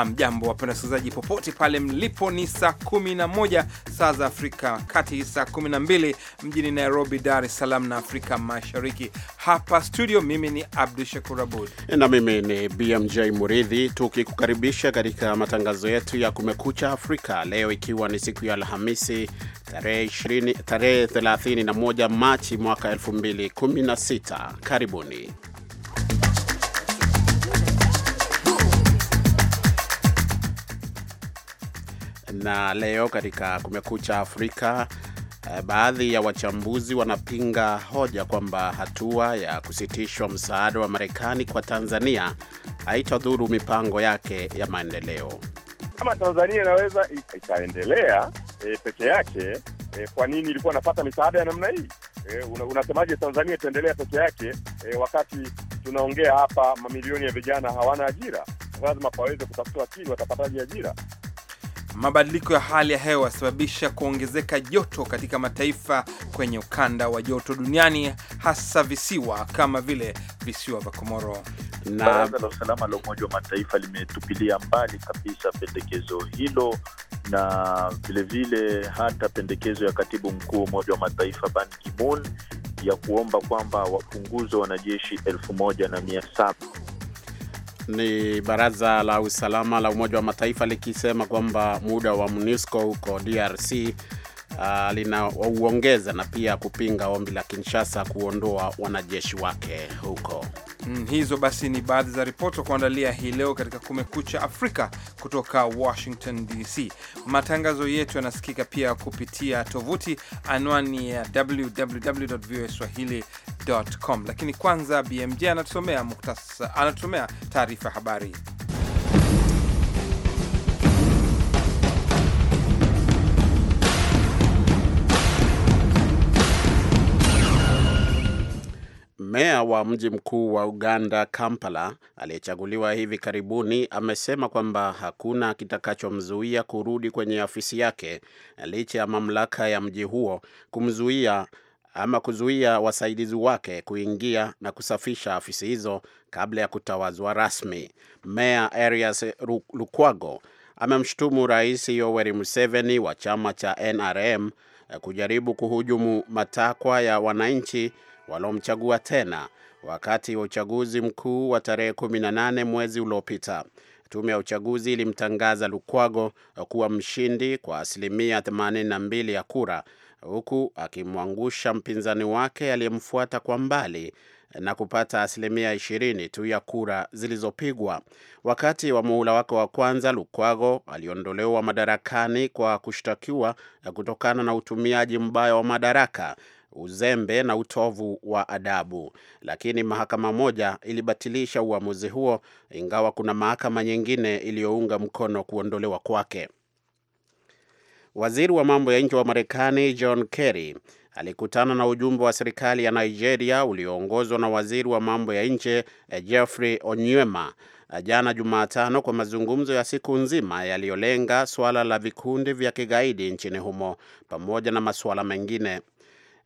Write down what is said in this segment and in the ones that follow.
Hamjambo wapenda wasikilizaji popote pale mlipo, ni saa 11 saa za Afrika Kati, saa 12 mjini Nairobi, Dar es Salaam na Afrika Mashariki. Hapa studio, mimi ni Abdu Shakur Abud na mimi ni BMJ Muridhi, tukikukaribisha katika matangazo yetu ya Kumekucha Afrika leo, ikiwa ni siku ya Alhamisi tarehe 31 Machi mwaka 2016. Karibuni. na leo katika Kumekucha Afrika eh, baadhi ya wachambuzi wanapinga hoja kwamba hatua ya kusitishwa msaada wa Marekani kwa Tanzania haitadhuru mipango yake ya maendeleo. Kama Tanzania inaweza itaendelea e, eh, peke yake e, kwa nini ilikuwa inapata misaada ya namna hii? E, unasemaje Tanzania itaendelea peke yake e, wakati tunaongea hapa mamilioni ya vijana hawana ajira? Lazima paweze kutafuta akili, watapataje ajira? Mabadiliko ya hali ya hewa yasababisha kuongezeka joto katika mataifa kwenye ukanda wa joto duniani, hasa visiwa kama vile visiwa vya Komoro. Na Baraza la Usalama la Umoja wa Mataifa limetupilia mbali kabisa pendekezo hilo na vilevile hata pendekezo ya katibu mkuu wa Umoja wa Mataifa Ban Ki-moon ya kuomba kwamba wapunguzwe wanajeshi elfu moja na mia saba ni baraza la usalama la Umoja wa Mataifa likisema kwamba muda wa MONUSCO huko DRC uh, ah, linauongeza na pia kupinga ombi la Kinshasa kuondoa wanajeshi wake huko. Mm, hizo basi ni baadhi za ripoti za kuandalia hii leo katika Kumekucha Afrika kutoka Washington DC. Matangazo yetu yanasikika pia kupitia tovuti anwani ya www.voaswahili voaswahili.com. Lakini kwanza BMJ anatusomea muktasa, anatusomea taarifa ya habari. Meya wa mji mkuu wa Uganda, Kampala, aliyechaguliwa hivi karibuni amesema kwamba hakuna kitakachomzuia kurudi kwenye afisi yake licha ya mamlaka ya mji huo kumzuia ama kuzuia wasaidizi wake kuingia na kusafisha afisi hizo kabla ya kutawazwa rasmi. Meya Arias Lukwago amemshutumu Rais Yoweri Museveni wa chama cha NRM eh, kujaribu kuhujumu matakwa ya wananchi waliomchagua tena wakati wa uchaguzi mkuu wa tarehe 18 mwezi uliopita. Tume ya uchaguzi ilimtangaza Lukwago eh, kuwa mshindi kwa asilimia 82 ya kura huku akimwangusha mpinzani wake aliyemfuata kwa mbali na kupata asilimia ishirini tu ya kura zilizopigwa. Wakati wa muhula wake wa kwanza, Lukwago aliondolewa madarakani kwa kushtakiwa kutokana na utumiaji mbaya wa madaraka, uzembe na utovu wa adabu, lakini mahakama moja ilibatilisha uamuzi huo, ingawa kuna mahakama nyingine iliyounga mkono kuondolewa kwake. Waziri wa mambo ya nje wa Marekani John Kerry alikutana na ujumbe wa serikali ya Nigeria ulioongozwa na waziri wa mambo ya nje eh, Geoffrey Onyema eh, jana Jumatano kwa mazungumzo ya siku nzima yaliyolenga suala la vikundi vya kigaidi nchini humo pamoja na masuala mengine.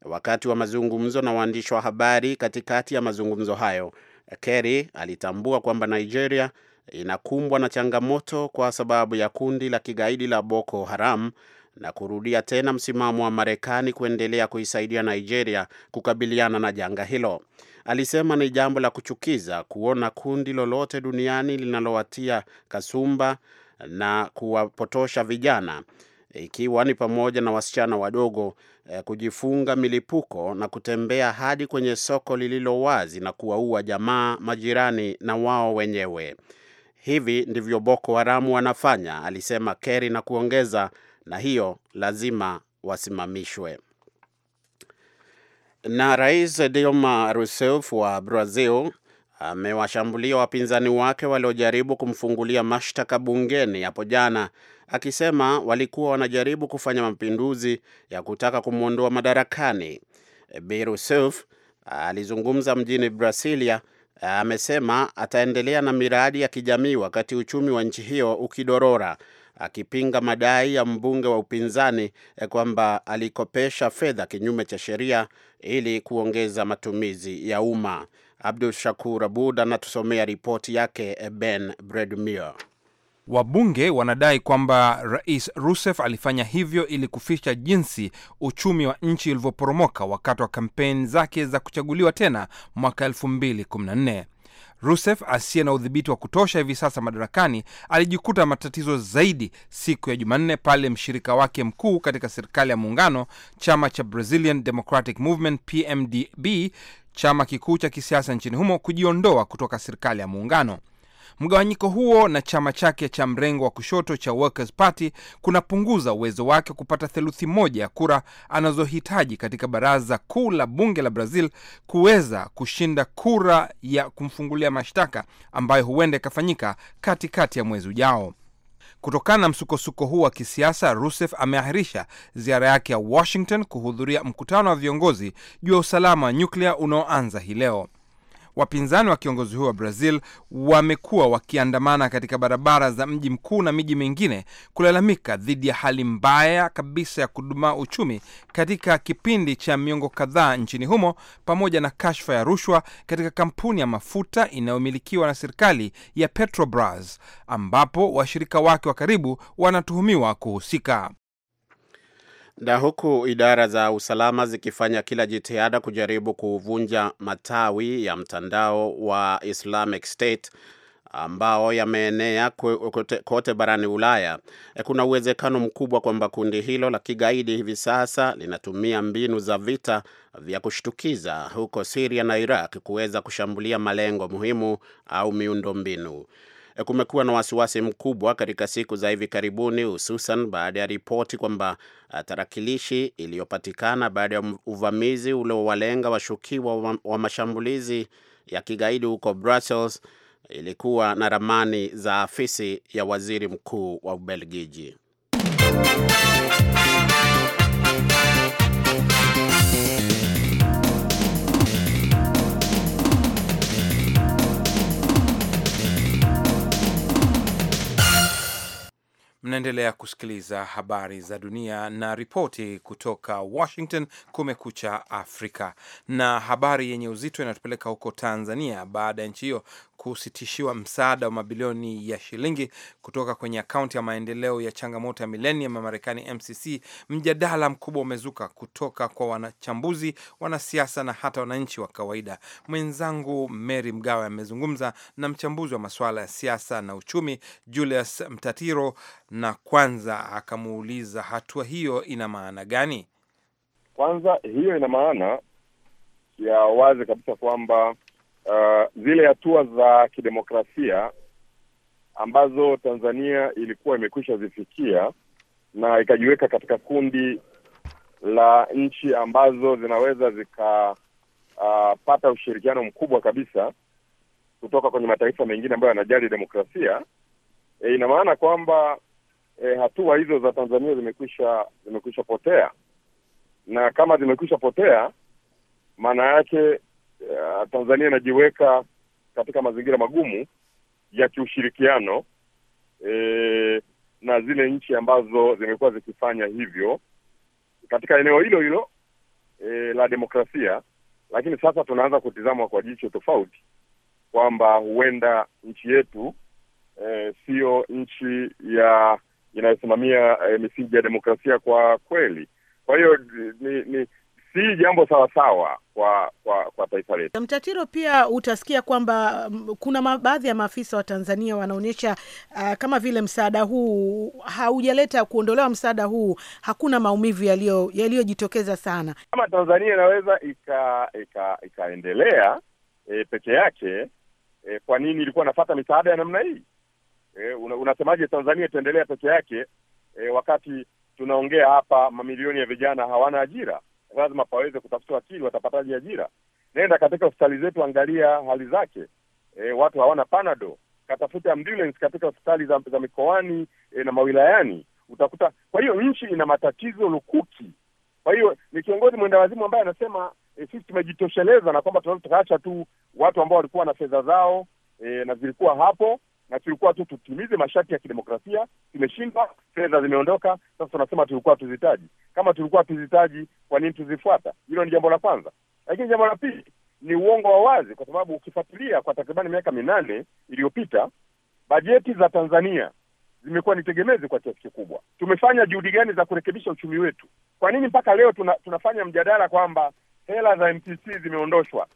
Wakati wa mazungumzo na waandishi wa habari katikati ya mazungumzo hayo, eh, Kerry alitambua kwamba Nigeria inakumbwa na changamoto kwa sababu ya kundi la kigaidi la Boko Haram na kurudia tena msimamo wa Marekani kuendelea kuisaidia Nigeria kukabiliana na janga hilo. Alisema ni jambo la kuchukiza kuona kundi lolote duniani linalowatia kasumba na kuwapotosha vijana ikiwa ni pamoja na wasichana wadogo eh, kujifunga milipuko na kutembea hadi kwenye soko lililo wazi na kuwaua jamaa, majirani na wao wenyewe. Hivi ndivyo Boko Haramu wanafanya, alisema Kerry na kuongeza, na hiyo lazima wasimamishwe. Na Rais Dilma Rousseff wa Brazil amewashambulia wapinzani wake waliojaribu kumfungulia mashtaka bungeni hapo jana, akisema walikuwa wanajaribu kufanya mapinduzi ya kutaka kumwondoa madarakani. Bi Rousseff alizungumza mjini Brasilia. Amesema ataendelea na miradi ya kijamii wakati uchumi wa nchi hiyo ukidorora akipinga madai ya mbunge wa upinzani eh, kwamba alikopesha fedha kinyume cha sheria ili kuongeza matumizi ya umma. Abdul Shakur Abud anatusomea ripoti yake. Eh, ben bredm Wabunge wanadai kwamba Rais Rousseff alifanya hivyo ili kuficha jinsi uchumi wa nchi ulivyoporomoka wakati wa kampeni zake za kuchaguliwa tena mwaka 2014. Rousseff asiye na udhibiti wa kutosha hivi sasa madarakani alijikuta matatizo zaidi siku ya Jumanne pale mshirika wake mkuu katika serikali ya muungano, chama cha Brazilian Democratic Movement PMDB, chama kikuu cha kisiasa nchini humo, kujiondoa kutoka serikali ya muungano. Mgawanyiko huo na chama chake cha mrengo wa kushoto cha Workers Party kunapunguza uwezo wake kupata theluthi moja ya kura anazohitaji katika baraza kuu la bunge la Brazil kuweza kushinda kura ya kumfungulia mashtaka ambayo huenda ikafanyika katikati ya mwezi ujao. Kutokana na msukosuko huu wa kisiasa, Rousseff ameahirisha ziara yake ya Washington kuhudhuria mkutano wa viongozi juu ya usalama wa nyuklia unaoanza hii leo. Wapinzani wa kiongozi huyo wa Brazil wamekuwa wakiandamana katika barabara za mji mkuu na miji mingine kulalamika dhidi ya hali mbaya kabisa ya kudumaa uchumi katika kipindi cha miongo kadhaa nchini humo, pamoja na kashfa ya rushwa katika kampuni ya mafuta inayomilikiwa na serikali ya Petrobras, ambapo washirika wake wa karibu wanatuhumiwa kuhusika. Na huku idara za usalama zikifanya kila jitihada kujaribu kuvunja matawi ya mtandao wa Islamic State ambao yameenea kote, kote barani Ulaya, e, kuna uwezekano mkubwa kwamba kundi hilo la kigaidi hivi sasa linatumia mbinu za vita vya kushtukiza huko Siria na Iraq kuweza kushambulia malengo muhimu au miundo mbinu. Eh, kumekuwa na wasiwasi mkubwa katika siku za hivi karibuni, hususan baada ya ripoti kwamba eh, tarakilishi iliyopatikana baada ya uvamizi uliowalenga washukiwa wa, mashambulizi ya kigaidi huko Brussels ilikuwa na ramani za afisi ya waziri mkuu wa Ubelgiji. Mnaendelea kusikiliza habari za dunia na ripoti kutoka Washington, Kumekucha Afrika. Na habari yenye uzito inatupeleka huko Tanzania baada ya nchi hiyo kusitishiwa msaada wa mabilioni ya shilingi kutoka kwenye akaunti ya maendeleo ya changamoto ya milenium ya Marekani, MCC, mjadala mkubwa umezuka kutoka kwa wanachambuzi, wanasiasa na hata wananchi wa kawaida. Mwenzangu Mary Mgawe amezungumza na mchambuzi wa masuala ya siasa na uchumi Julius Mtatiro, na kwanza akamuuliza hatua hiyo ina maana gani? Kwanza hiyo ina maana ya wazi kabisa kwamba uh, zile hatua za kidemokrasia ambazo Tanzania ilikuwa imekwisha zifikia na ikajiweka katika kundi la nchi ambazo zinaweza zikapata uh, ushirikiano mkubwa kabisa kutoka kwenye mataifa mengine ambayo yanajali demokrasia. E, ina maana kwamba e, hatua hizo za Tanzania zimekwisha zimekwisha potea, na kama zimekwisha potea, maana yake uh, Tanzania inajiweka katika mazingira magumu ya kiushirikiano e, na zile nchi ambazo zimekuwa zikifanya hivyo katika eneo hilo hilo e, la demokrasia. Lakini sasa tunaanza kutizama kwa jicho tofauti kwamba huenda nchi yetu siyo e, nchi ya inayosimamia e, misingi ya demokrasia kwa kweli. Kwa hiyo ni, ni si jambo sawasawa kwa kwa kwa taifa letu. Mtatiro, pia utasikia kwamba mm, kuna baadhi ya maafisa wa Tanzania wanaonyesha uh, kama vile msaada huu haujaleta kuondolewa, msaada huu hakuna maumivu yaliyojitokeza sana. Kama Tanzania inaweza ikaendelea e, peke yake e, kwa nini ilikuwa nafata misaada ya namna hii? E, una, unasemaje Tanzania itaendelea peke yake e, wakati tunaongea hapa mamilioni ya vijana hawana ajira? lazima paweze kutafuta wakili. Watapataje ajira? Nenda katika hospitali zetu, angalia hali zake. E, watu hawana panado, katafuta ambulance katika hospitali za, za mikoani e, na mawilayani utakuta. Kwa hiyo nchi ina matatizo lukuki. Kwa hiyo ni kiongozi mwendawazimu ambaye anasema e, sisi tumejitosheleza na kwamba tunaweza tukaacha tu watu ambao walikuwa na fedha zao e, na zilikuwa hapo na tulikuwa tu tutimize masharti ya kidemokrasia. Tumeshindwa, fedha zimeondoka. Sasa tunasema tulikuwa tuzitaji. Kama tulikuwa tuzitaji, kwa nini tuzifuata? Hilo ni jambo la kwanza, lakini jambo la pili ni uongo wa wazi, kwa sababu ukifuatilia kwa takribani miaka minane iliyopita bajeti za Tanzania zimekuwa ni tegemezi kwa kiasi kikubwa. Tumefanya juhudi gani za kurekebisha uchumi wetu? Kwa nini mpaka leo tuna, tunafanya mjadala kwamba hela za MTC zimeondoshwa?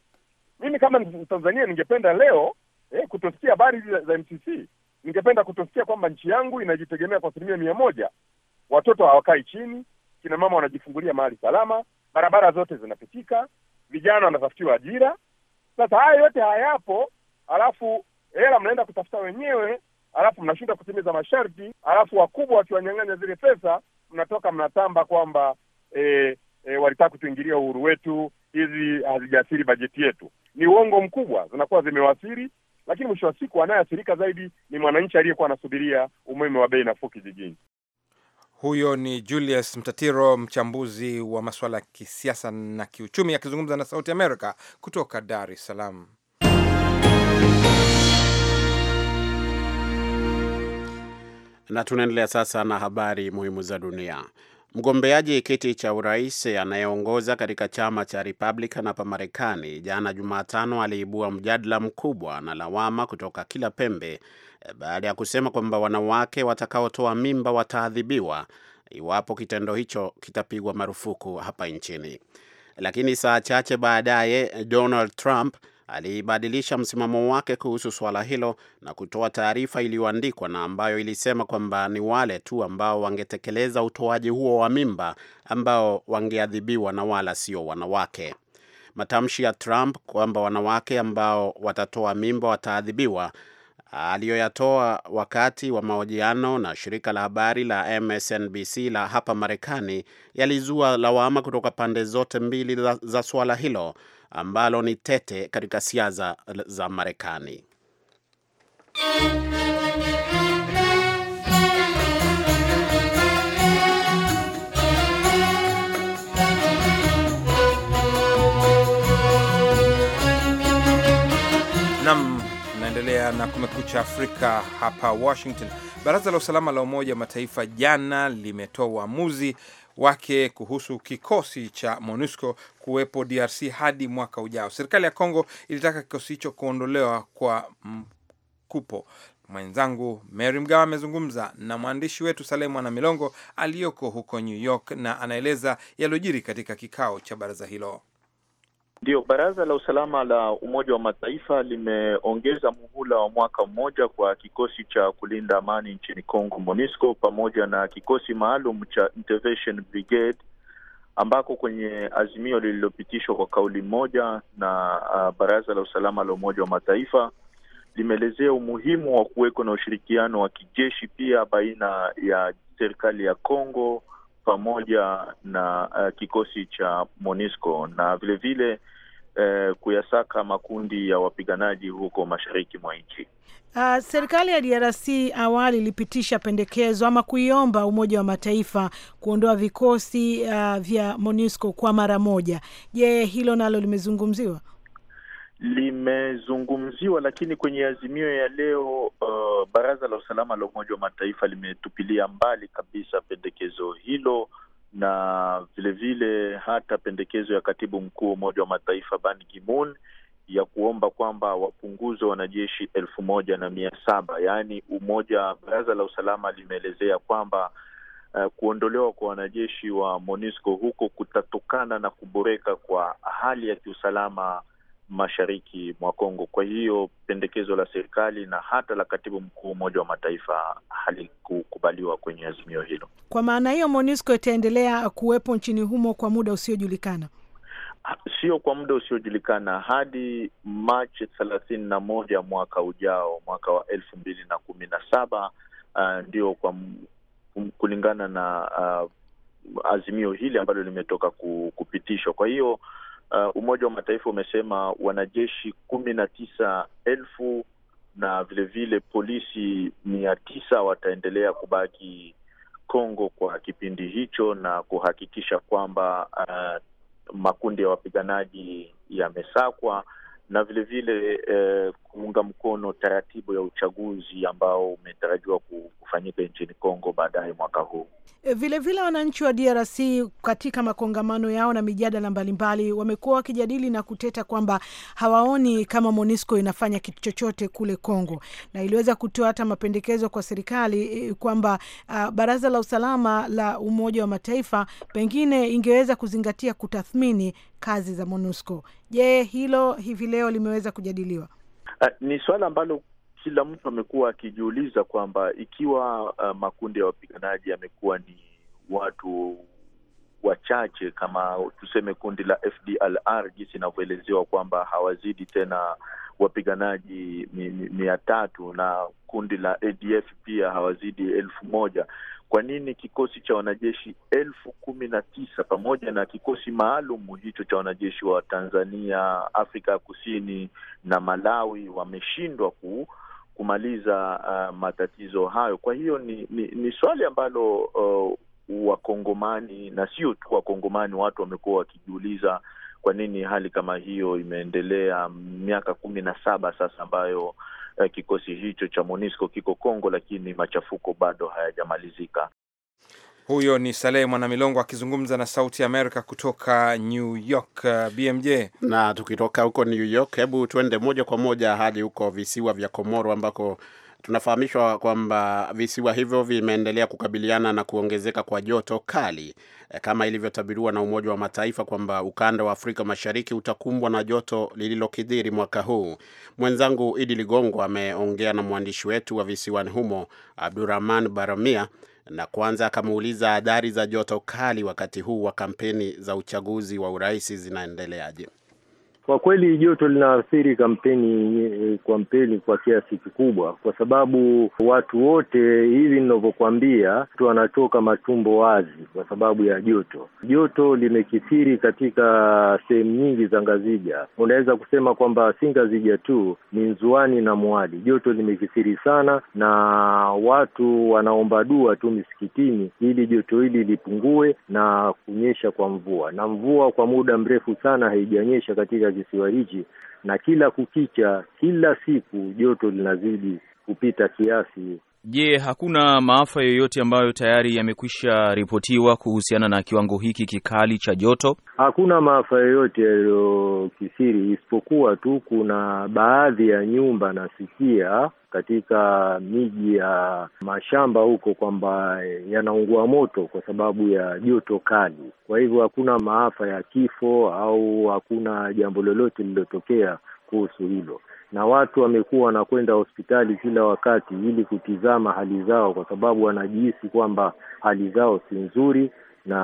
Mimi kama mtanzania ningependa leo eh, kutosikia habari za MCC. Ningependa kutosikia kwamba nchi yangu inajitegemea kwa asilimia mia moja, watoto hawakai chini, kina mama wanajifungulia mahali salama, barabara zote zinapitika, vijana wanatafutiwa ajira. Sasa haya yote hayapo, alafu hela mnaenda kutafuta wenyewe, alafu mnashinda kutimiza masharti, alafu wakubwa wakiwanyang'anya zile pesa, mnatoka mnatamba kwamba e, E, walitaka kutuingilia uhuru wetu, hizi hazijaathiri bajeti yetu. Ni uongo mkubwa, zinakuwa zimewasiri lakini mwisho wa siku anayeathirika zaidi ni mwananchi aliyekuwa anasubiria umeme wa bei nafuu kijijini. Huyo ni Julius Mtatiro, mchambuzi wa masuala ya kisiasa na kiuchumi, akizungumza na Sauti Amerika kutoka Dar es Salaam. Na tunaendelea sasa na habari muhimu za dunia. Mgombeaji kiti cha urais anayeongoza katika chama cha Republican hapa Marekani jana Jumatano aliibua mjadala mkubwa na lawama kutoka kila pembe eh, baada ya kusema kwamba wanawake watakaotoa mimba wataadhibiwa iwapo kitendo hicho kitapigwa marufuku hapa nchini. Lakini saa chache baadaye Donald Trump aliibadilisha msimamo wake kuhusu swala hilo na kutoa taarifa iliyoandikwa na ambayo ilisema kwamba ni wale tu ambao wangetekeleza utoaji huo wa mimba ambao wangeadhibiwa na wala sio wanawake. Matamshi ya Trump kwamba wanawake ambao watatoa mimba wataadhibiwa aliyoyatoa wakati wa mahojiano na shirika la habari la MSNBC la hapa Marekani yalizua lawama kutoka pande zote mbili za, za suala hilo ambalo ni tete katika siasa za Marekani. Nam naendelea na Kumekucha Afrika hapa Washington. Baraza la Usalama la Umoja wa Mataifa jana limetoa uamuzi wake kuhusu kikosi cha MONUSCO kuwepo DRC hadi mwaka ujao. Serikali ya Kongo ilitaka kikosi hicho kuondolewa kwa mkupo. Mwenzangu Mary Mgawa amezungumza na mwandishi wetu salemu Mwana Milongo aliyoko huko New York na anaeleza yaliyojiri katika kikao cha baraza hilo. Ndio, Baraza la Usalama la Umoja wa Mataifa limeongeza muhula wa mwaka mmoja kwa kikosi cha kulinda amani nchini congo MONUSCO, pamoja na kikosi maalum cha Intervention Brigade ambako kwenye azimio lililopitishwa kwa kauli moja na uh, Baraza la Usalama la Umoja wa Mataifa limeelezea umuhimu wa kuweko na ushirikiano wa kijeshi pia baina ya serikali ya congo pamoja na uh, kikosi cha MONUSCO na vilevile vile, uh, kuyasaka makundi ya wapiganaji huko mashariki mwa nchi. Uh, serikali ya DRC awali ilipitisha pendekezo ama kuiomba Umoja wa Mataifa kuondoa vikosi uh, vya MONUSCO kwa mara moja. Je, hilo nalo limezungumziwa? limezungumziwa, lakini kwenye azimio ya leo uh, baraza la usalama la Umoja wa Mataifa limetupilia mbali kabisa pendekezo hilo na vilevile vile hata pendekezo ya katibu mkuu wa Umoja wa Mataifa Ban Ki-moon ya kuomba kwamba wapunguze wanajeshi elfu moja na mia saba yaani umoja baraza la usalama limeelezea kwamba uh, kuondolewa kwa wanajeshi wa MONUSCO huko kutatokana na kuboreka kwa hali ya kiusalama mashariki mwa Kongo. Kwa hiyo pendekezo la serikali na hata la katibu mkuu Umoja wa Mataifa halikukubaliwa kwenye azimio hilo. Kwa maana hiyo, MONUSCO itaendelea kuwepo nchini humo kwa muda usiojulikana, sio kwa muda usiojulikana hadi Machi thelathini na moja mwaka ujao, mwaka wa elfu mbili na kumi na saba. Uh, ndio kwa kulingana na uh, azimio hili ambalo limetoka kupitishwa. Kwa hiyo uh, Umoja wa Mataifa umesema wanajeshi kumi na tisa elfu na vilevile vile polisi mia tisa wataendelea kubaki Kongo kwa kipindi hicho na kuhakikisha kwamba uh, makundi ya wapiganaji yamesakwa na vilevile vile, uh, kuunga mkono taratibu ya uchaguzi ambao umetarajiwa ku, kufanyika nchini Kongo baadaye mwaka huu. Vilevile, wananchi wa DRC katika makongamano yao na mijadala mbalimbali wamekuwa wakijadili na kuteta kwamba hawaoni kama MONUSCO inafanya kitu chochote kule Kongo, na iliweza kutoa hata mapendekezo kwa serikali e, kwamba uh, Baraza la Usalama la Umoja wa Mataifa pengine ingeweza kuzingatia kutathmini kazi za MONUSCO. Je, hilo hivi leo limeweza kujadiliwa? Uh, ni suala ambalo kila mtu amekuwa akijiuliza kwamba ikiwa uh, makundi ya wapiganaji yamekuwa ni watu wachache kama tuseme kundi la FDLR jinsi inavyoelezewa kwamba hawazidi tena wapiganaji mia mi, mi tatu na kundi la ADF pia hawazidi elfu moja. Kwa nini kikosi cha wanajeshi elfu kumi na tisa pamoja na kikosi maalum hicho cha wanajeshi wa Tanzania, Afrika ya Kusini na Malawi wameshindwa ku kumaliza uh, matatizo hayo. Kwa hiyo ni, ni, ni swali ambalo uh, Wakongomani na sio tu Wakongomani, watu wamekuwa wakijiuliza kwa nini hali kama hiyo imeendelea miaka kumi na saba sasa ambayo uh, kikosi hicho cha MONUSCO kiko Kongo, lakini machafuko bado hayajamalizika. Huyo ni Saleh Mwanamilongo akizungumza na Sauti Amerika kutoka New York. Uh, BMJ, na tukitoka huko New York, hebu tuende moja kwa moja hadi huko visiwa vya Komoro ambako tunafahamishwa kwamba visiwa hivyo vimeendelea kukabiliana na kuongezeka kwa joto kali e, kama ilivyotabiriwa na Umoja wa Mataifa kwamba ukanda wa Afrika Mashariki utakumbwa na joto lililokidhiri mwaka huu. Mwenzangu Idi Ligongo ameongea na mwandishi wetu wa visiwani humo Abdurahman Baramia na kwanza akamuuliza adhari za joto kali wakati huu wa kampeni za uchaguzi wa urais zinaendeleaje. Kwa kweli joto linaathiri kampeni eh, kampeni kwa kiasi kikubwa, kwa sababu watu wote hivi ninavyokuambia, mtu wanatoka matumbo wazi kwa sababu ya joto. Joto limekithiri katika sehemu nyingi za Ngazija, unaweza kusema kwamba si Ngazija tu, ni Nzuani na Mwali. Joto limekithiri sana, na watu wanaomba dua tu misikitini ili joto hili lipungue na kunyesha kwa mvua, na mvua kwa muda mrefu sana haijanyesha katika kisiwa hichi, na kila kukicha, kila siku joto linazidi kupita kiasi Je, hakuna maafa yoyote ambayo tayari yamekwisha ripotiwa kuhusiana na kiwango hiki kikali cha joto? Hakuna maafa yoyote yaliyokisiri, isipokuwa tu kuna baadhi ya nyumba nasikia katika miji ya mashamba huko kwamba yanaungua moto kwa sababu ya joto kali. Kwa hivyo hakuna maafa ya kifo au hakuna jambo lolote lililotokea kuhusu hilo na watu wamekuwa wanakwenda hospitali kila wakati ili kutizama hali zao, kwa sababu wanajihisi kwamba hali zao si nzuri, na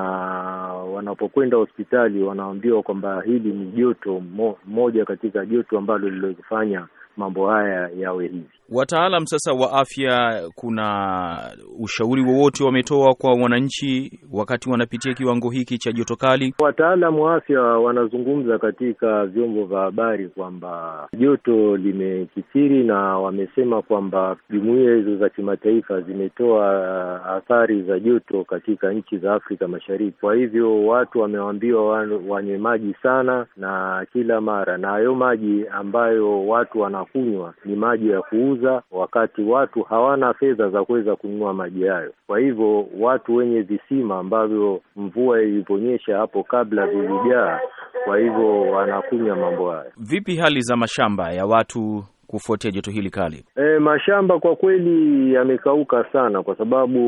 wanapokwenda hospitali wanaambiwa kwamba hili ni joto mo, moja katika joto ambalo lilofanya mambo haya yawe hivi. Wataalam sasa wa afya, kuna ushauri wowote wametoa kwa wananchi wakati wanapitia kiwango hiki cha joto kali? Wataalam wa afya wanazungumza katika vyombo vya habari kwamba joto limekithiri, na wamesema kwamba jumuiya hizo za kimataifa zimetoa athari za joto katika nchi za Afrika Mashariki. Kwa hivyo watu wamewambiwa wanywe maji sana na kila mara, na hayo maji ambayo watu wana wanakunywa ni maji ya kuuza, wakati watu hawana fedha za kuweza kununua maji hayo. Kwa hivyo watu wenye visima ambavyo mvua ilivyonyesha hapo kabla vilijaa, kwa hivyo wanakunywa mambo haya. Vipi hali za mashamba ya watu kufuatia joto hili kali? E, mashamba kwa kweli yamekauka sana, kwa sababu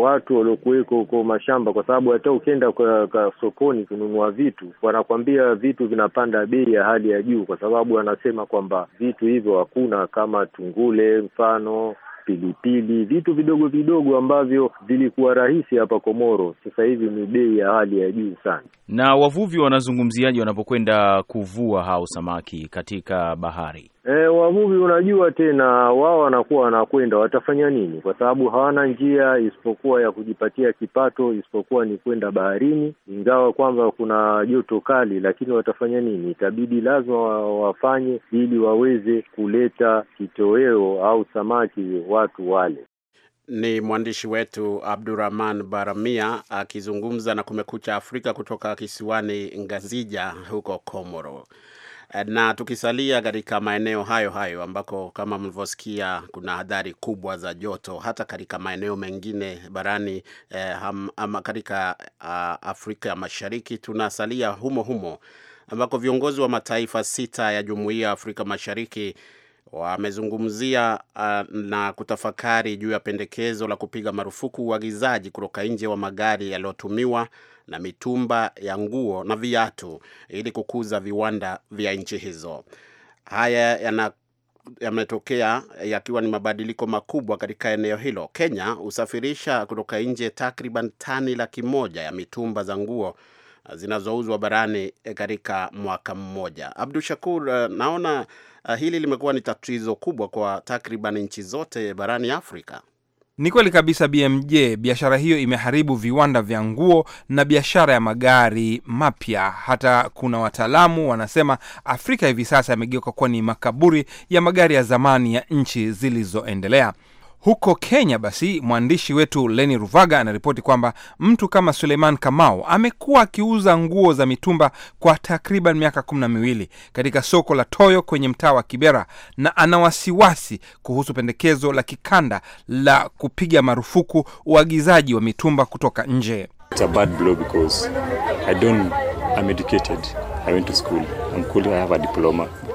watu waliokuweko huko mashamba, kwa sababu hata ukienda kwa, kwa sokoni kununua vitu wanakwambia vitu vinapanda bei ya hali ya juu, kwa sababu wanasema kwamba vitu hivyo hakuna kama tungule mfano pilipili vitu vidogo vidogo ambavyo vilikuwa rahisi hapa Komoro, sasa hivi ni bei ya hali ya juu sana. Na wavuvi wanazungumziaje wanapokwenda kuvua hao samaki katika bahari? E, wavuvi unajua tena wao wanakuwa wanakwenda watafanya nini? Kwa sababu hawana njia isipokuwa ya kujipatia kipato isipokuwa ni kwenda baharini, ingawa kwamba kuna joto kali, lakini watafanya nini? Itabidi lazima wafanye ili waweze kuleta kitoweo au samaki watu wale. Ni mwandishi wetu Abdurahman Baramia akizungumza na Kumekucha Afrika kutoka kisiwani Ngazija huko Komoro. Na tukisalia katika maeneo hayo hayo ambako kama mlivyosikia kuna hadhari kubwa za joto hata katika maeneo mengine barani eh, ama katika uh, Afrika Mashariki, tunasalia humo humo ambako viongozi wa mataifa sita ya Jumuiya ya Afrika Mashariki wamezungumzia uh, na kutafakari juu ya pendekezo la kupiga marufuku uagizaji kutoka nje wa magari yaliyotumiwa na mitumba ya nguo na viatu ili kukuza viwanda vya nchi hizo. Haya yana yametokea yakiwa ni mabadiliko makubwa katika eneo hilo. Kenya husafirisha kutoka nje takriban tani laki moja ya mitumba za nguo eh, zinazouzwa barani eh, katika mwaka mmoja. Abdu Shakur, eh, naona hili limekuwa ni tatizo kubwa kwa takriban nchi zote barani Afrika. Ni kweli kabisa BMJ, biashara hiyo imeharibu viwanda vya nguo na biashara ya magari mapya. Hata kuna wataalamu wanasema Afrika hivi sasa yamegeuka kuwa ni makaburi ya magari ya zamani ya nchi zilizoendelea. Huko Kenya basi, mwandishi wetu Leni Ruvaga anaripoti kwamba mtu kama Suleiman Kamau amekuwa akiuza nguo za mitumba kwa takriban miaka kumi na miwili katika soko la Toyo kwenye mtaa wa Kibera, na ana wasiwasi kuhusu pendekezo la kikanda la kupiga marufuku uagizaji wa mitumba kutoka nje.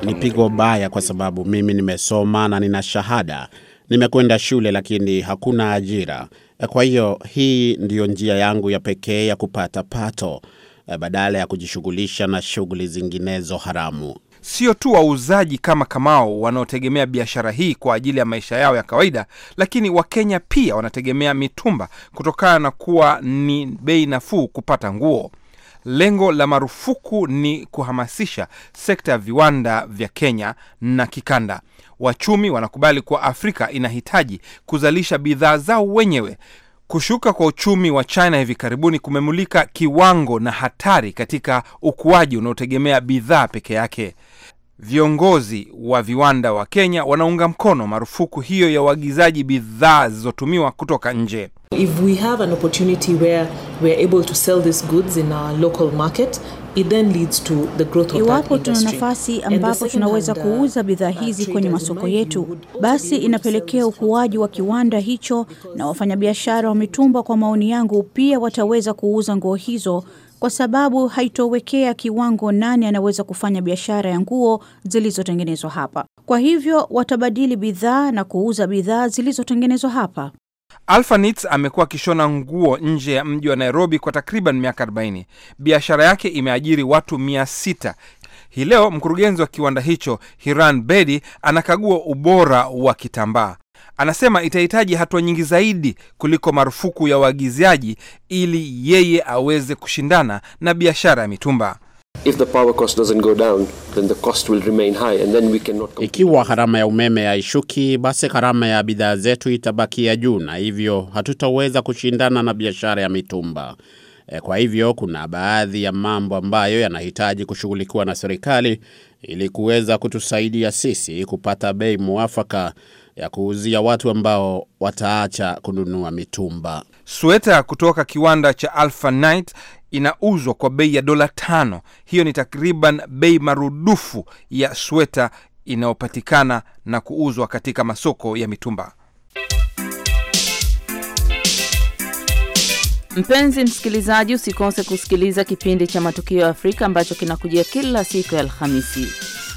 Ni pigo baya kwa sababu mimi nimesoma na nina shahada nimekwenda shule lakini hakuna ajira. E, kwa hiyo hii ndiyo njia yangu ya pekee ya kupata pato e, badala ya kujishughulisha na shughuli zinginezo haramu. Sio tu wauzaji kama Kamao wanaotegemea biashara hii kwa ajili ya maisha yao ya kawaida, lakini Wakenya pia wanategemea mitumba kutokana na kuwa ni bei nafuu kupata nguo. Lengo la marufuku ni kuhamasisha sekta ya viwanda vya Kenya na kikanda. Wachumi wanakubali kuwa Afrika inahitaji kuzalisha bidhaa zao wenyewe. Kushuka kwa uchumi wa China hivi karibuni kumemulika kiwango na hatari katika ukuaji unaotegemea bidhaa peke yake. Viongozi wa viwanda wa Kenya wanaunga mkono marufuku hiyo ya uagizaji bidhaa zilizotumiwa kutoka nje. If we have an opportunity where we are able to sell these goods in our local market, it then leads to the growth of iwapo tuna nafasi ambapo tunaweza uh, kuuza bidhaa uh, hizi kwenye masoko yetu, basi inapelekea ukuaji wa kiwanda hicho, na wafanyabiashara wa mitumba, kwa maoni yangu, pia wataweza kuuza nguo hizo kwa sababu haitowekea kiwango nani anaweza kufanya biashara ya nguo zilizotengenezwa hapa. Kwa hivyo watabadili bidhaa na kuuza bidhaa zilizotengenezwa hapa. Alfanits amekuwa akishona nguo nje ya mji wa Nairobi kwa takriban miaka 40. Biashara yake imeajiri watu mia sita. Hii leo mkurugenzi wa kiwanda hicho Hiran Bedi anakagua ubora wa kitambaa. Anasema itahitaji hatua nyingi zaidi kuliko marufuku ya uagizaji ili yeye aweze kushindana na biashara ya mitumba. Ikiwa gharama ya umeme haishuki, basi gharama ya bidhaa zetu itabakia juu, na hivyo hatutaweza kushindana na biashara ya mitumba. E, kwa hivyo kuna baadhi ya mambo ambayo yanahitaji kushughulikiwa na serikali ili kuweza kutusaidia sisi kupata bei mwafaka ya kuuzia watu ambao wataacha kununua mitumba. Sweta kutoka kiwanda cha Alpha Night inauzwa kwa bei ya dola tano. Hiyo ni takriban bei marudufu ya sweta inayopatikana na kuuzwa katika masoko ya mitumba. Mpenzi msikilizaji, usikose kusikiliza kipindi cha Matukio ya Afrika ambacho kinakujia kila siku ya Alhamisi.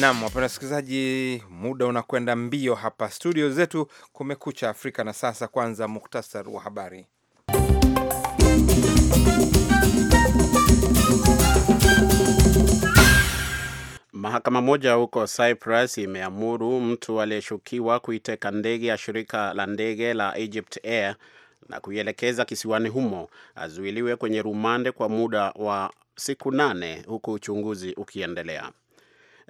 Nam, wapenda wasikilizaji, muda unakwenda mbio hapa studio zetu Kumekucha Afrika. Na sasa kwanza, muktasar wa habari. Mahakama moja huko Cyprus imeamuru mtu aliyeshukiwa kuiteka ndege ya shirika la ndege la Egypt Air na kuielekeza kisiwani humo azuiliwe kwenye rumande kwa muda wa siku nane huku uchunguzi ukiendelea.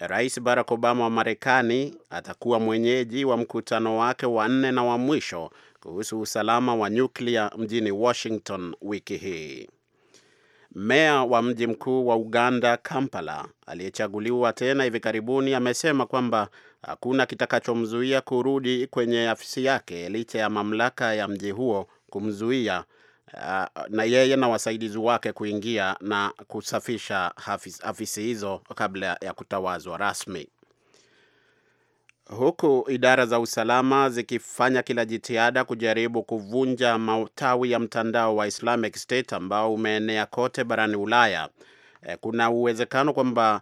Rais Barack Obama wa Marekani atakuwa mwenyeji wa mkutano wake wa nne na wa mwisho kuhusu usalama wa nyuklia mjini Washington wiki hii. Meya wa mji mkuu wa Uganda, Kampala, aliyechaguliwa tena hivi karibuni amesema kwamba hakuna kitakachomzuia kurudi kwenye afisi yake licha ya mamlaka ya mji huo kumzuia Uh, na yeye na wasaidizi wake kuingia na kusafisha afisi hizo kabla ya kutawazwa rasmi. Huku idara za usalama zikifanya kila jitihada kujaribu kuvunja matawi ya mtandao wa Islamic State ambao umeenea kote barani Ulaya, eh, kuna uwezekano kwamba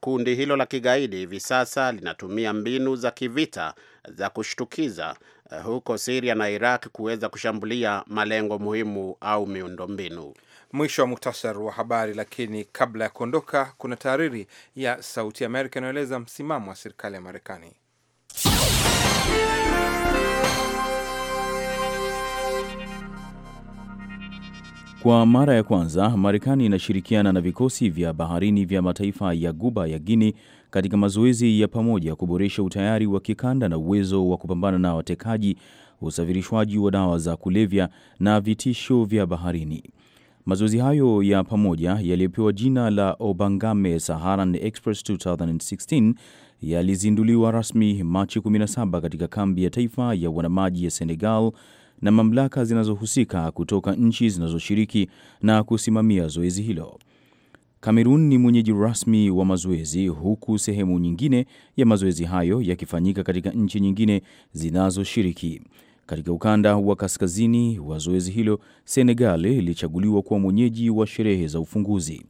kundi hilo la kigaidi hivi sasa linatumia mbinu za kivita za kushtukiza eh, huko Siria na Iraq kuweza kushambulia malengo muhimu au miundo mbinu Mwisho wa muktasar wa habari. Lakini kabla ya kuondoka, kuna taariri ya Sauti Amerika inayoeleza msimamo wa serikali ya Marekani. Kwa mara ya kwanza Marekani inashirikiana na vikosi vya baharini vya mataifa ya guba ya Guini katika mazoezi ya pamoja kuboresha utayari wa kikanda na uwezo wa kupambana na watekaji, usafirishwaji wa dawa za kulevya na vitisho vya baharini. Mazoezi hayo ya pamoja yaliyopewa jina la Obangame Saharan Express 2016 yalizinduliwa rasmi Machi 17 katika kambi ya taifa ya wanamaji ya Senegal na mamlaka zinazohusika kutoka nchi zinazoshiriki na kusimamia zoezi hilo. Kamerun ni mwenyeji rasmi wa mazoezi, huku sehemu nyingine ya mazoezi hayo yakifanyika katika nchi nyingine zinazoshiriki. Katika ukanda wa kaskazini wa zoezi hilo, Senegal ilichaguliwa kuwa mwenyeji wa sherehe za ufunguzi.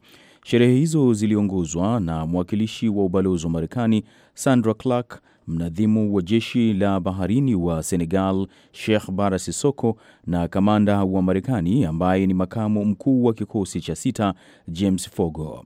Sherehe hizo ziliongozwa na mwakilishi wa ubalozi wa Marekani Sandra Clark mnadhimu wa jeshi la baharini wa Senegal Sheikh Bara Sisoko na kamanda wa Marekani ambaye ni makamu mkuu wa kikosi cha sita James Fogo.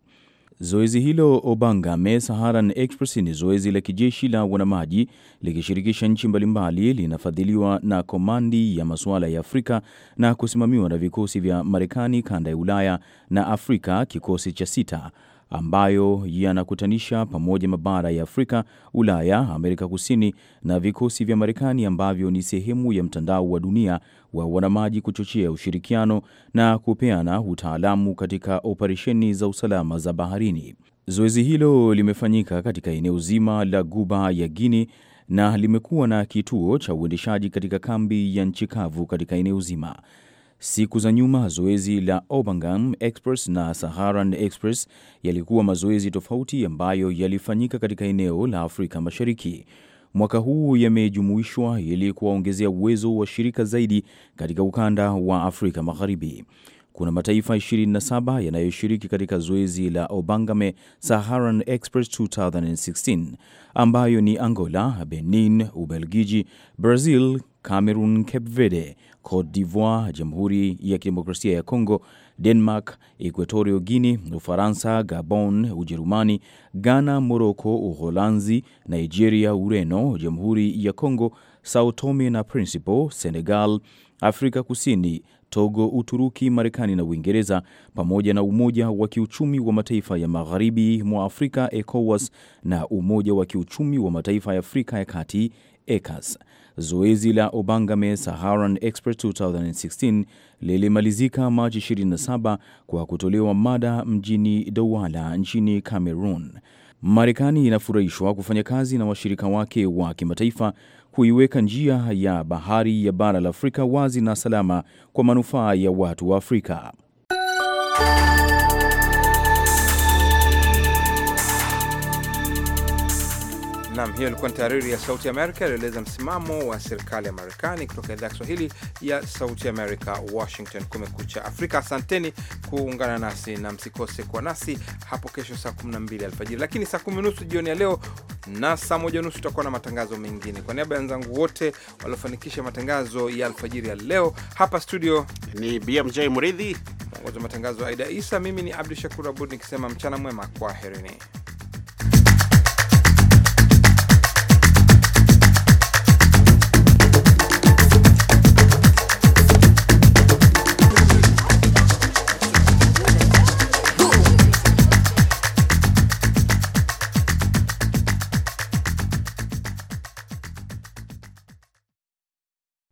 Zoezi hilo Obanga Me Saharan Express ni zoezi la kijeshi la wanamaji likishirikisha nchi mbalimbali, linafadhiliwa na komandi ya masuala ya Afrika na kusimamiwa na vikosi vya Marekani, kanda ya Ulaya na Afrika, kikosi cha sita ambayo yanakutanisha pamoja mabara ya Afrika, Ulaya, Amerika Kusini na vikosi vya Marekani ambavyo ni sehemu ya mtandao wa dunia wa wanamaji kuchochea ushirikiano na kupeana utaalamu katika operesheni za usalama za baharini. Zoezi hilo limefanyika katika eneo zima la Guba ya Guini na limekuwa na kituo cha uendeshaji katika kambi ya nchi kavu katika eneo zima. Siku za nyuma zoezi la obangam Express na Saharan Express yalikuwa mazoezi tofauti ambayo yalifanyika katika eneo la Afrika Mashariki. Mwaka huu yamejumuishwa ili kuwaongezea uwezo wa shirika zaidi katika ukanda wa Afrika Magharibi. Kuna mataifa 27 yanayoshiriki katika zoezi la Obangame Saharan Express 2016 ambayo ni Angola, Benin, Ubelgiji, Brazil, Cameroon, Cape Verde, Cote d'Ivoire, Jamhuri ya Kidemokrasia ya Kongo, Denmark, Equatorial Guinea, Ufaransa, Gabon, Ujerumani, Ghana, Morocco, Uholanzi, Nigeria, Ureno, Jamhuri ya Kongo, Sao Tome na Principe, Senegal, Afrika Kusini, Togo, Uturuki, Marekani na Uingereza pamoja na Umoja wa Kiuchumi wa Mataifa ya Magharibi mwa Afrika ECOWAS na Umoja wa Kiuchumi wa Mataifa ya Afrika ya Kati acres. Zoezi la Obangame Saharan Express 2016 lilimalizika Machi 27 kwa kutolewa mada mjini Douala nchini Cameroon. Marekani inafurahishwa kufanya kazi na washirika wake wa kimataifa kuiweka njia ya bahari ya bara la Afrika wazi na salama kwa manufaa ya watu wa Afrika. Nam, hiyo ilikuwa ni tahariri ya Sauti Amerika ilieleza msimamo wa serikali ya Marekani kutoka idhaa ya Kiswahili ya Sauti Amerika, Washington. Kumekucha Afrika, asanteni kuungana nasi na msikose kuwa nasi hapo kesho saa 12 alfajiri, lakini saa kumi nusu jioni ya leo na saa moja nusu tutakuwa na matangazo mengine. Kwa niaba ya wenzangu wote waliofanikisha matangazo ya alfajiri ya leo hapa studio, ni BMJ Muridhi mwongozi wa matangazo Aida Isa, mimi ni Abdu Shakur Abud nikisema mchana mwema, kwaherini.